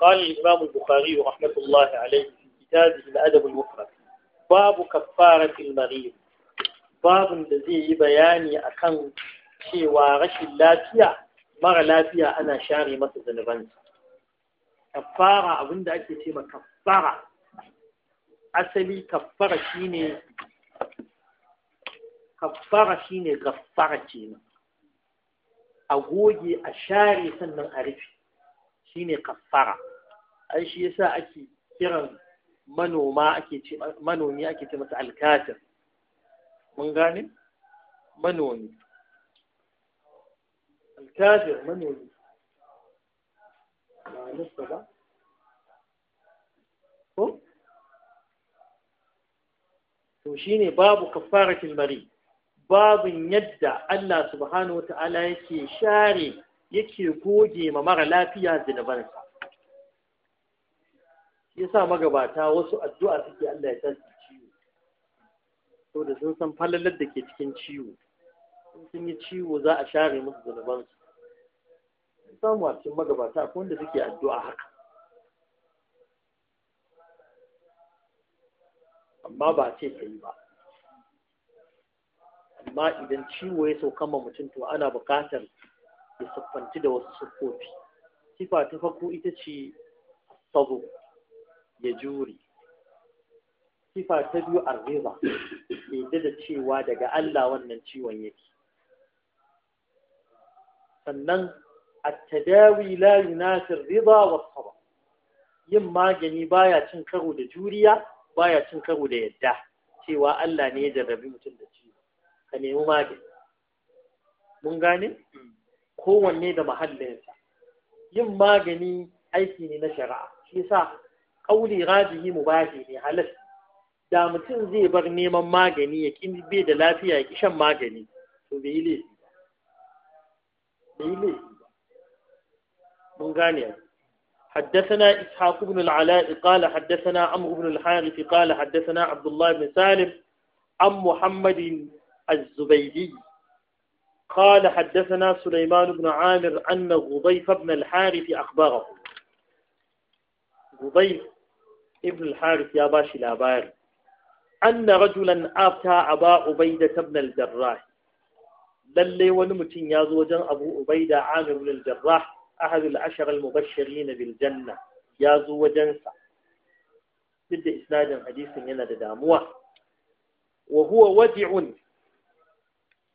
قال الإمام البخاري رحمة الله عليه في كتابه الأدب المفرد باب كفارة المريض باب الذي بياني أكن cewa rashin lafiya mara lafiya ana share masa zunubansa kaffara abinda ake ce ma kaffara asali kaffara shine kaffara shine gaffara a goge a share sannan a rufe shine kaffara ai shi yasa ake kiran manoma ake ce manomi ake ce masa alkatir mun gane manomi alkatir manomi ba ba ko to shine babu kafaratul mari babin yadda Allah subhanahu wa ta'ala yake share yake goge ma mara lafiya zinabansa ya yasa magabata wasu addu'a suke Allah ya san ciwo to da sun san falalar da ke cikin ciwo sun yi ciwo za a share musu zunuban su samu a cikin magabata akwai wanda suke addu'a haka amma ba ce ka yi ba amma idan ciwo ya sauka ma mutum to ana buƙatar ya siffanci da wasu siffofi sifa ta farko ita ce sabo ya jure sifa ta biyu a riba da cewa daga Allah wannan ciwon yake sannan a التداوي nasir riba wasu والصبر yin magani baya cin karo da juriya baya cin karo da yadda cewa Allah ne ya jarrabi mutum da ciwo ka nemi magani mun gane kowanne da mahallinsa yin magani aiki ne na shari'a shi sa أولي radihi mubahi ne halas da mutum zai ما neman يكين بيد لا فيها da ما ya shan magani to حدثنا إسحاق بن العلاء قال حدثنا عمرو بن الحارث قال حدثنا عبد الله بن سالم عن محمد الزبيدي قال حدثنا سليمان بن عامر أن غضيف بن الحارث أخبره غضيف ibn al-harith ya bashi labari anna rajulan afta aba ubaida ibn al-jarrah lalle wani mutum ya zo wajen abu ubaida amir ibn al-jarrah ahad al-ashar al-mubashirin bil janna ya zo wajen sa duk da isnadin hadisin yana da damuwa wa huwa wadi'un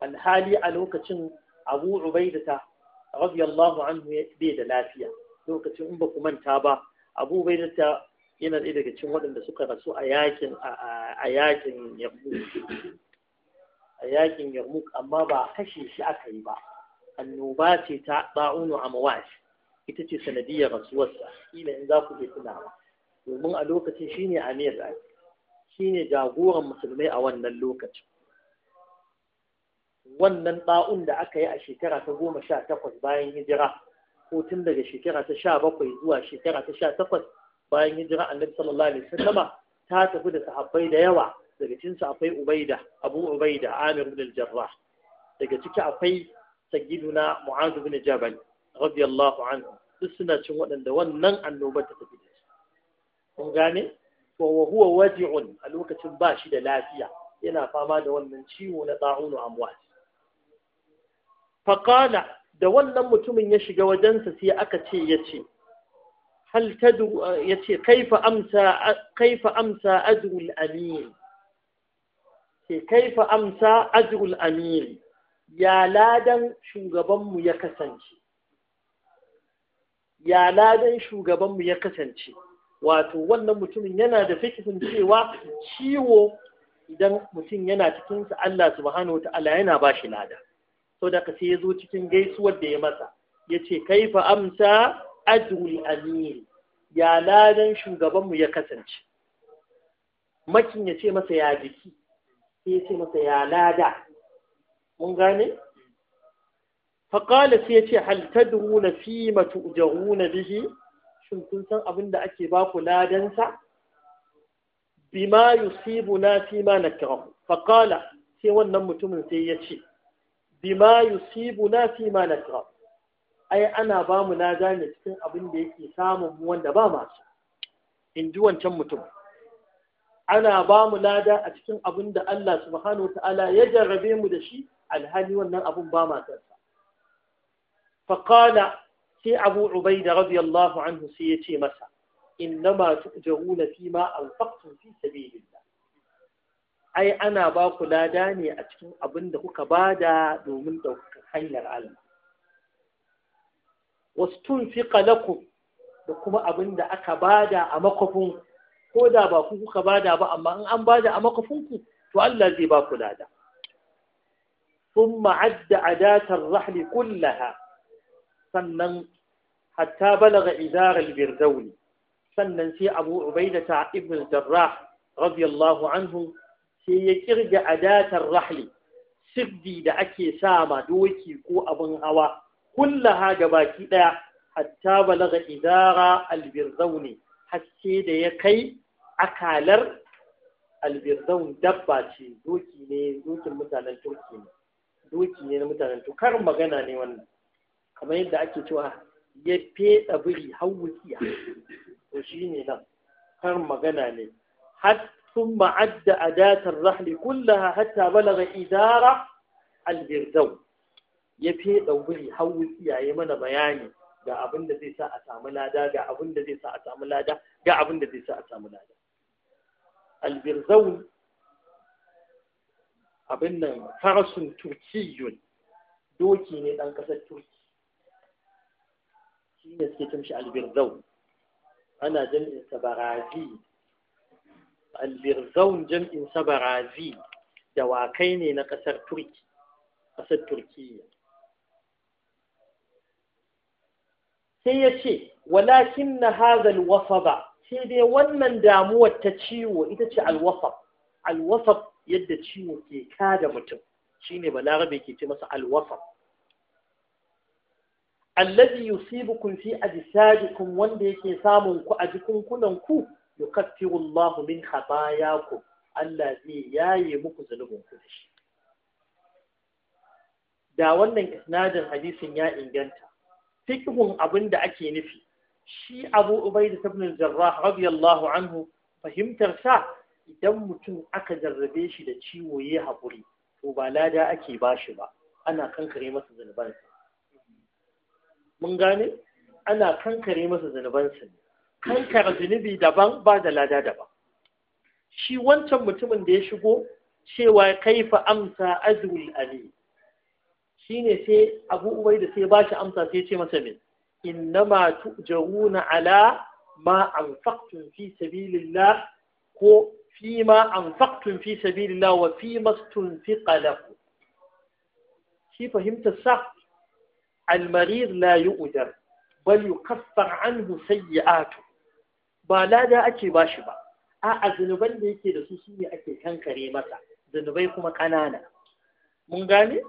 alhali a lokacin abu ubaida ta radiyallahu anhu bai da lafiya lokacin in ba ku manta ba abu ubaida ta yana ɗaya daga cikin waɗanda suka rasu a yakin a yakin a yakin amma ba kashe shi aka yi ba annoba ce ta ba'unu mawashi ita ce sanadiyar rasuwarsa ila in za ku iya tunawa domin a lokacin shine amir shine jagoran musulmai a wannan lokacin wannan ɗa'un da aka yi a shekara ta goma sha takwas bayan hijira ko tun daga shekara ta sha bakwai zuwa shekara ta sha takwas bayan hijira annabi sallallahu alaihi wasallam ta tafi da sahabbai da yawa daga cikin su akwai ubaida abu ubaida amir al-jarrah daga ciki akwai sayyiduna mu'adh ibn jabal radiyallahu anhu duk suna cin waɗanda wannan annobar ta tafi da su kun gane to wa huwa waji'un a lokacin ba shi da lafiya yana fama da wannan ciwo na ta'unu amwat faqala da wannan mutumin ya shiga wajensa sai aka ce ya ce هل تدو yace kaifa amsa kaifa amsa ajrul كيف ke يا لادن ya shugabanmu ya kasance يكسنشي wato wannan mutumin yana da fikirin cewa ciwo idan mutum yana cikinsa Allah subhanahu wataala yana ba shi lada so da ka sai ya zo cikin gaisuwar da ya masa yace ce kaifa amsa ajrul amiri ya ladan shugabanmu ya kasance makin ya ce masa ya jiki sai ya ce masa ya lada mun gane faƙala sai ya ce hal tadruna fi ma tu'jaruna bihi shin kun san abin da ake ba ku ladansa bima yusibuna fi ma nakrahu faƙala sai wannan mutumin sai ya ce bima yusibuna fi ma nakrahu ai ana ba mu na gane cikin abin da yake samun wanda ba masu in ji wancan mutum ana ba mu lada a cikin abin da Allah subhanahu wa ta'ala ya jarrabe mu da shi alhali wannan abin ba ma sarsa faqala sai Abu Ubaida radiyallahu anhu sai ya ce masa innama tujaruna fi ma anfaqtum fi sabilillah ai ana ba ku lada ne a cikin abin da kuka bada domin ɗaukar hanyar Allah wastunfiqa lakum da kuma abin da aka bada a makofin ko da ba ku kuka bada ba amma in an bada a makofin ku to Allah zai ba ku lada thumma adda adatar rahli kullaha sannan hatta balaga idar al sannan sai Abu Ubaidata ibn Jarrah radiyallahu anhu sai ya kirga adatar rahli sirdi da ake sama doki ko abin hawa kullaha gabaki ɗaya hatta balaga idara albirzauni haske da ya kai akalar albirzaun dabba ce doki ne dokin mutanen turki ne doki ne na mutanen magana ne wannan kamar yadda ake cewa ya fetsa biri har wutsiya to shi ne nan kar magana ne har sun ma'adda adatar rahli kullaha hatta balaga idara albirzaun ya feɗa wuri har wutsiya ya mana bayani ga abin da zai sa a samu lada ga abin da zai sa a samu lada ga abin da zai sa a samu lada albirzaun abin nan farasun turkiyun doki ne ɗan ƙasar turki shi ne suke cin shi albirzaun ana jami'in sabarazi barazi albirzaun jami'in sabarazi da wakai ne na ƙasar turki ƙasar turkiyya sai ya ce walakin na hazal ba, sai dai wannan damuwar ta ciwo ita ce alwasab alwasab yadda ciwo ke kada mutum shine balarabe ke ce masa alwasab alladhi yusibukum fi ajsadikum wanda yake samun ku a jikunkunan ku yukaffiru Allah min khatayakum Allah zai yaye muku zunubin ku da shi da wannan isnadin hadisin ya inganta fiqhun abin da ake nufi shi Abu da ibn Jarrah radiyallahu anhu fahimtar sa idan mutum aka jarrabe shi da ciwo ya haƙuri to ba lada ake bashi ba ana kankare masa zunubansa mun gane ana kankare masa ne kankara zunubi daban ba da lada daban shi wancan mutumin da ya shigo cewa kaifa amsa azul ali shine sai abu ubai da sai bashi amsa sai ce masa me innama tujaruna ala ma anfaqtum fi sabilillah ko fi ma anfaqtum fi sabilillah wa fi mastunfiqa lakum shi fahimtar sa المريض لا يؤجر بل يكفر عنه سيئاته ba lada ake ba shi ba a'a zunuban da yake da su shine ake kankare masa zunubai kuma ƙanana mun gane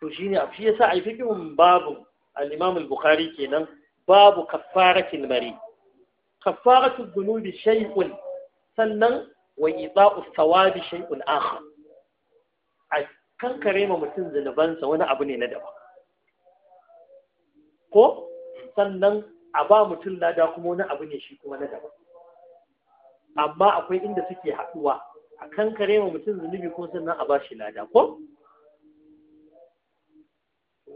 to ne a shi yasa a yi babu al al-Bukhari kenan babu kaffaratil mari kaffaratul dhunubi Shaikun, sannan wa ita'u thawabi shaikun akhar a kankare ma mutum zunubansa wani abu ne na daban ko sannan a ba mutum lada kuma wani abu ne shi kuma na daban amma akwai inda suke haɗuwa a kankare ma mutum zunubi ko sannan a ba shi lada ko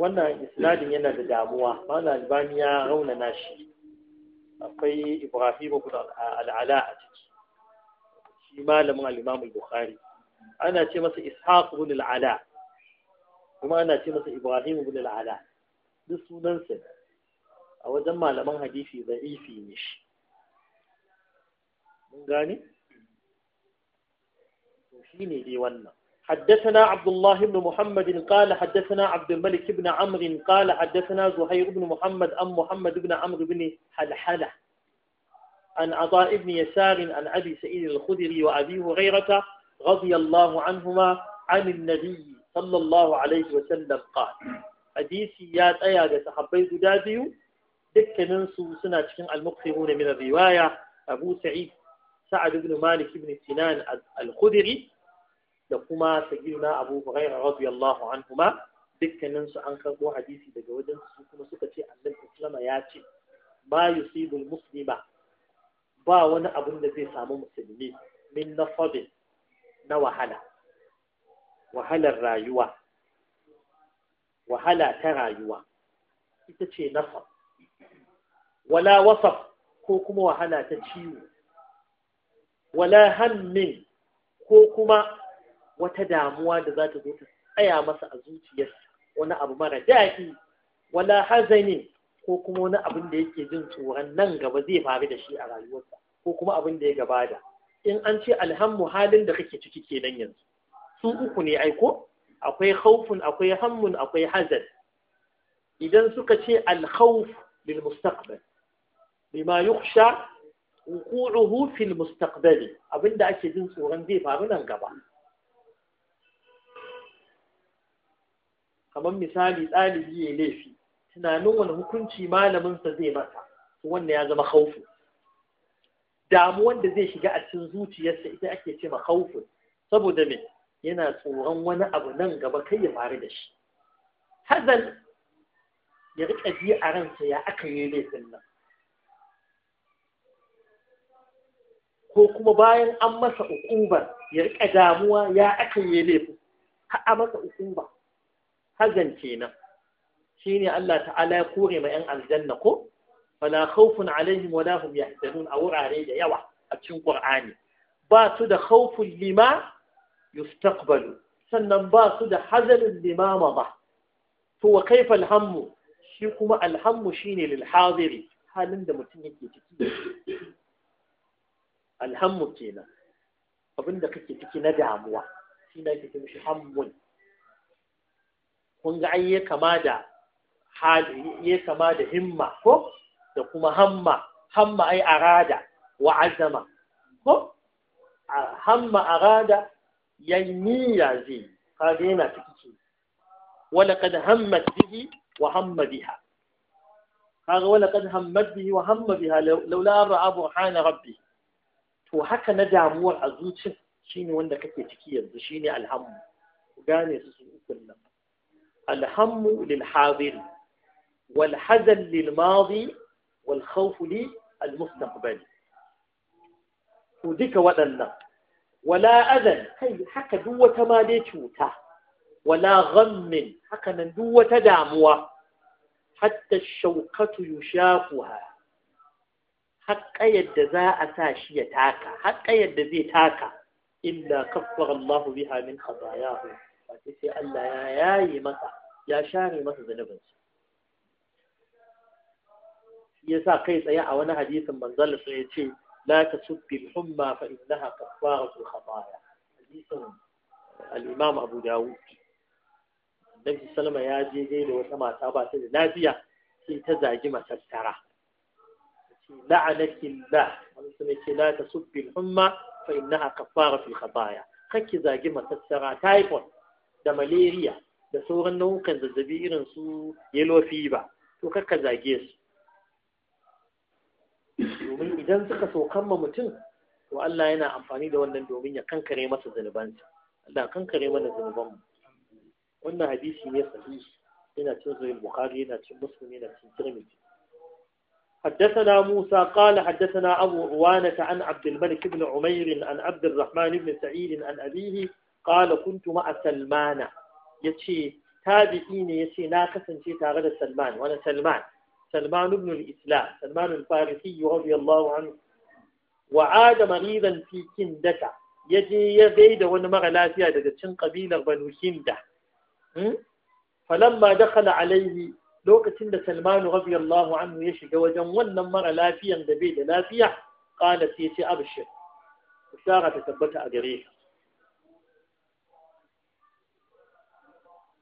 wannan isnadin yana da damuwa mana albani ya raunana shi akwai ibrahim ibn al'ala a ciki shi malamin al-imam al-bukhari ana ce masa ishaq ibn al'ala kuma ana ce masa ibrahim ibn al'ala duk sunansa a wajen malaman hadisi za'ifi ne shi mun gane to shine dai wannan حدثنا عبد الله بن محمد قال حدثنا عبد الملك بن عمرو قال حدثنا زهير بن محمد أم محمد بن عمرو بن حلحلة عن عطاء بن يسار عن أبي سعيد الخدري وأبي هريرة رضي الله عنهما عن النبي صلى الله عليه وسلم قال حديثي يا تأيا لسحبي داديو دكا ننسو سنة المقفرون من الرواية أبو سعيد سعد بن مالك بن سنان الخدري da kuma sayyiduna Abu Hurairah radiyallahu anhuma dukkanin su an karbo hadisi daga wajen su kuma suka ce Annabi sallama ya ce Ba yusibul muslima ba wani abun da zai samu musulmi min nasabin na wahala wahalar rayuwa wahala ta rayuwa ita ce nasab wala wasaf ko kuma wahala ta ciwo wala hammin ko kuma wata damuwa da za ta zo ta tsaya masa a zuciyarsa wani abu mara daɗi wala hazanin ko kuma wani abin da yake jin tsoron nan gaba zai faru da shi a rayuwarsa ko kuma abin da ya gabata in an ce alhammu halin da kake ciki kenan yanzu su uku ne aiko akwai haufun akwai hammun akwai hazan idan suka ce alhauf lil mustaqbal bima yukhsha wuqu'uhu fil mustaqbal abinda ake jin tsoron zai faru nan gaba kamar misali ɗalibi ya laifi tunanin wani hukunci malaminsa zai masa wannan ya zama haufi. damuwan da zai shiga a cikin zuciyarsa ita ake ce ma khawfu saboda me yana tsoron wani abu nan gaba kai ya faru da shi hazan ya rika ji a ransa ya aka yi laifin nan ko kuma bayan an masa ukubar ya rika damuwa ya aka yi laifin ka a masa ukubar. hazan kenan shine Allah ta'ala ya kore ma yan aljanna ko fala khawfun alaihim wala hum yahzanun a wurare da yawa a cikin Qur'ani ba su da khawfun lima yustaqbalu sannan ba su da hazanun limama ba to wa kaifa alhammu shi kuma alhammu shine lil hadiri halin da mutum yake ciki alhammu kenan abinda kake ciki na damuwa shi ne ake mishi hammun kun ga ai ya kama da ya kama da himma ko da kuma hamma hamma ai arada wa azama ko hamma arada yayi niyya zai kaga yana ciki wala kad hammat bihi wa hamma biha kaga wala kad hammat bihi wa hamma biha laula ra'a burhana rabbi to haka na damuwar a zuciyar shine wanda kake ciki yanzu shine alhamdu gane su su ukun nan الهم للحاضر والحزن للماضي والخوف للمستقبل وذيك ودنا ولا أذن هي حكا دوة ما ليتوتا ولا غم حكا دوة داموة حتى الشوكة يشافها حقا يد ذا أساشي تاكا حقا يد ذي تاكا إلا كفر الله بها من خطاياه sai sai Allah ya yaye masa ya share masa zunubinsa yasa kai tsaye a wani hadisin manzon sai ya ce la tasubbil humma fa innaha kafaratul khataaya hadisin eh, al-imam Abu Dawud Nabi Salama ya je gai da wata mata ba ta da lafiya sai ta zagi matattara la'anaki Allah wani sun ce la tasubbil humma fa innaha kafaratul khataaya kake zagi matattara typhoid da malaria da sauran nau'ukan zazzabi irin su yellow fever to kakka zage su domin idan suka saukan ma mutum to Allah yana amfani da wannan domin ya kankare masa zunubansa Allah kankare mana zunubanmu wannan hadisi ne sahihi yana cin sahih Bukhari yana cin Muslim yana cikin Tirmidhi حدثنا موسى قال حدثنا أبو عوانة عن عبد الملك بن عمير عن عبد الرحمن بن سعيد عن أبيه qala kuntu ma'a salmana yace tabi'i ne yace na kasance tare da salman wani salman salman ibn al-islam salman al-farisi radiyallahu anhu wa ada maridan fi kindata yaje ya gaida wani mara lafiya daga cin kabilar banu kinda hmm? falamma dakhala alaihi lokacin da salman radiyallahu anhu ya shiga wajen wannan mara lafiyan da bai da lafiya qala sai ce abshir bishara ta tabbata a gare ka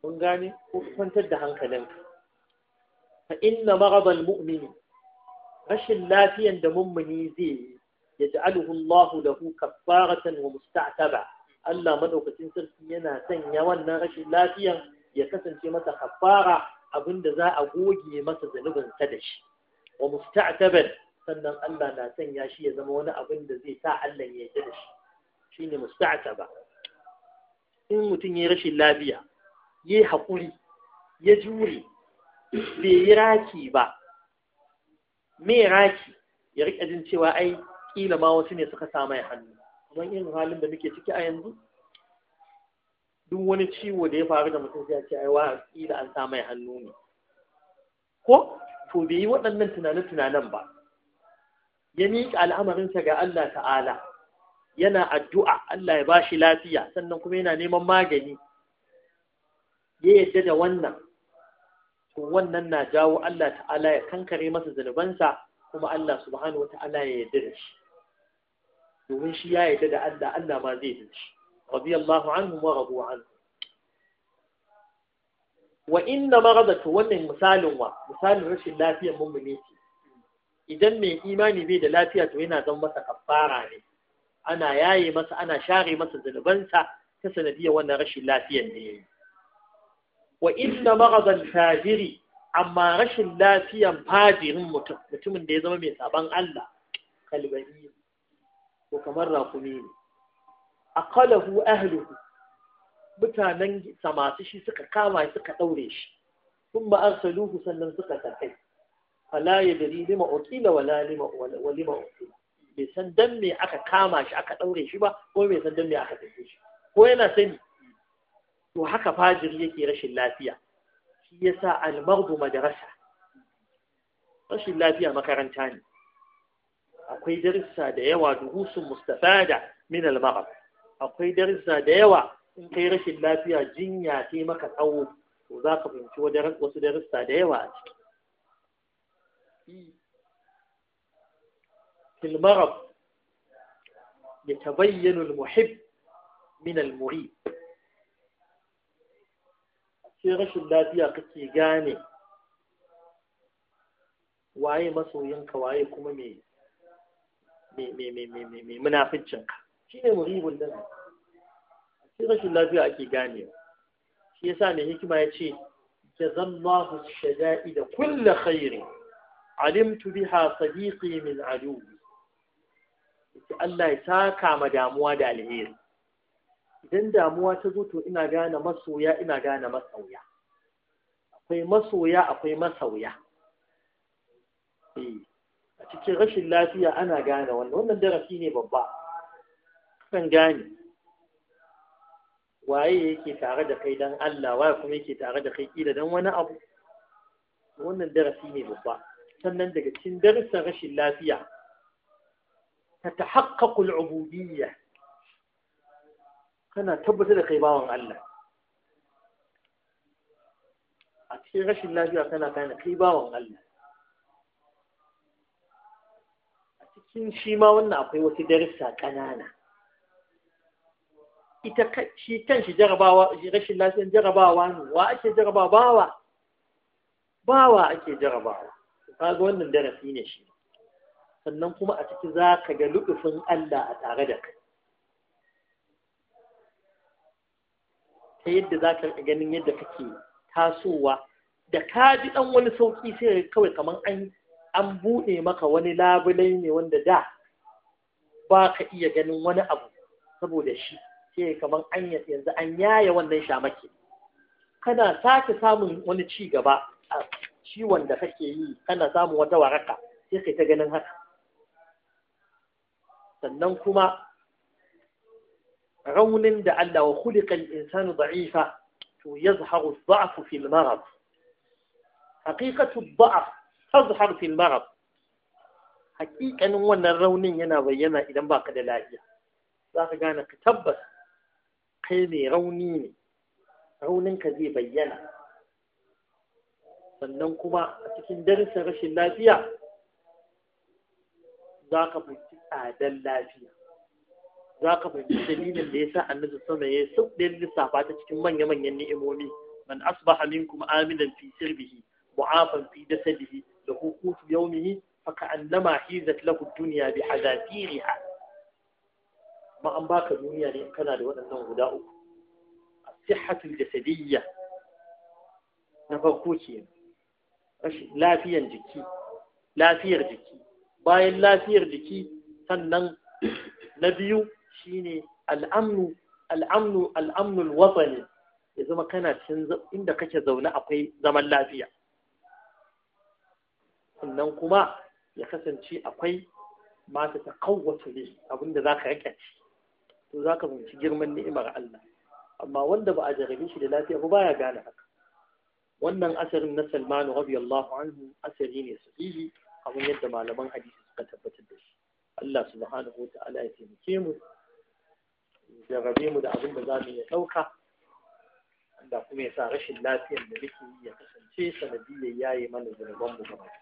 kun gane ko kwantar da hankalinka Ka inna maradal mu'mini rashin lafiyan da mummuni zai yi ya ja'aluhu da lahu kaffaratan wa musta'taba Allah madaukakin sarki yana sanya wannan rashin lafiyan ya kasance masa kafara abinda za a goge masa zanubin sa da shi wa musta'taban sannan Allah na sanya shi ya zama wani abin da zai sa Allah ya yarda da shi shine musta'taba in mutum ya rashin lafiya Yi hakuri, ya jure bai yi raki ba me raki ya riƙa jin cewa ai ƙila ma wasu ne suka samu mai hannu Kuma irin halin da muke ciki a yanzu duk wani ciwo da ya faru da mutum ya ce ai ƙila an samu ya hannu ne ko to bai yi waɗannan tunane-tunanen ba ya miƙa al'amarinsa ga Allah ta'ala yana addu'a Allah ya bashi lafiya sannan kuma yana neman magani ya yadda da wannan to wannan na jawo Allah ta'ala ya kankare masa zunubansa kuma Allah subhanahu Wata'ala ya yadda da shi domin shi ya yadda da Allah Allah ma zai yadda shi radiyallahu anhu wa radu anhu wa inna maradatu wannan misalin wa misalin rashin lafiyar mummuni ce idan mai imani bai da lafiya to yana zama masa kafara ne ana yaye masa ana share masa zunubansa ta sanadiyar wannan rashin lafiyar da ya yi wa inna maghadal fajiri amma rashin lafiyan fajirin mutum mutumin da ya zama mai saban Allah kalbani ko kamar rakumi ne aqalahu ahluhu mutanen samasu shi suka kama shi suka daure shi sun ba arsaluhu sannan suka tafi fala dari lima uqila wala lima wala lima uqila bai san dan me aka kama shi aka daure shi ba ko bai san dan me aka tafi shi ko yana sani to haka fajiri yake rashin lafiya shi yasa almardu madrasa rashin lafiya makaranta ne akwai darussa da yawa durusun mustafada min almarad akwai darussa da yawa in kai rashin lafiya jinya ce maka tsawo to za ka fahimci wasu darussa da yawa a ciki في المرض يتبين المحب من المريب sai rashin lafiya kake gane waye masoyinka waye kuma me me munafincinka shi ne muribun nan sai rashin lafiya ake gane shi yasa mai hikima ya ce jazallahu shada'i da kulle khairi alimtu biha sadiqi min aduwi Allah ya saka ma damuwa da alheri idan damuwa ta zo to ina gane masoya ina gane masauya akwai masoya akwai masauya eh, a cikin rashin lafiya ana gane wannan wannan darasi ne babba kan gane waye yake tare da kai dan Allah waye kuma yake tare da kai kila dan wani abu wannan darasi ne babba sannan daga cikin darasin rashin lafiya ta tahaqqaqul ubudiyyah kana tabbatar da kai bawan Allah a cikin rashin lafiya kana kana kai bawan Allah a cikin shi ma wannan akwai wasu darussa ƙanana ita shi kan shi jarabawa rashin lafiyan jarabawa ne wa ake jarabawa bawa bawa ake jarabawa kaga wannan darasi ne shi sannan kuma a ciki za ka ga lutufin Allah a tare da kai ta yadda za ka ganin yadda kake tasowa da ka ji ɗan wani sauƙi sai kawai kamar an buɗe maka wani labulai ne wanda da ba ka iya ganin wani abu saboda shi sai kamar an yanzu an yaya wannan shamake kana sake samun wani ci gaba a ciwon da kake yi kana samun wata waraka sai kai ta ganin haka sannan kuma raunin da Allah wa khuliqal insanu da'ifa to yazharu dha'fu fil marad haqiqatu dha'f tazhar fil marad haqiqanin wannan raunin yana bayyana idan baka da lafiya ka gane ka tabbas kai mai rauni ne rauninka zai bayyana sannan kuma a cikin darasin rashin lafiya za ka buci tsadar lafiya za ka fahimci dalilin da ya sa annabi sama ya da lissafa ta cikin manya-manyan ni'imomi man asbaha minkum aminan fi sirbihi mu'afan fi dasadihi da hukutu yaumihi faka annama hizat lahu dunya bi hadatiriha ma an baka duniya ne kana da waɗannan guda uku as da jasadiyya na farko ke lafiyar jiki lafiyar jiki bayan lafiyar jiki sannan na biyu shine al'amnu al'amnu al'amnul watsani ya zama kana cikin inda kake zaune akwai zaman lafiya sannan kuma ya kasance akwai mata ta kawwata ne abinda za ka rike to za ka fahimci girman ni'imar Allah amma wanda ba a jarabe shi da lafiya ba baya gane haka wannan asarin na Salman radiyallahu anhu asari ne sahihi abin yadda malaman hadisi suka tabbatar da shi Allah subhanahu wa ta'ala ya taimake mu jarrabe mu da abin da za mu iya ɗauka da kuma ya sa rashin lafiyar da muke ya kasance sanadiyar yayi mana zunubanmu gaba ɗaya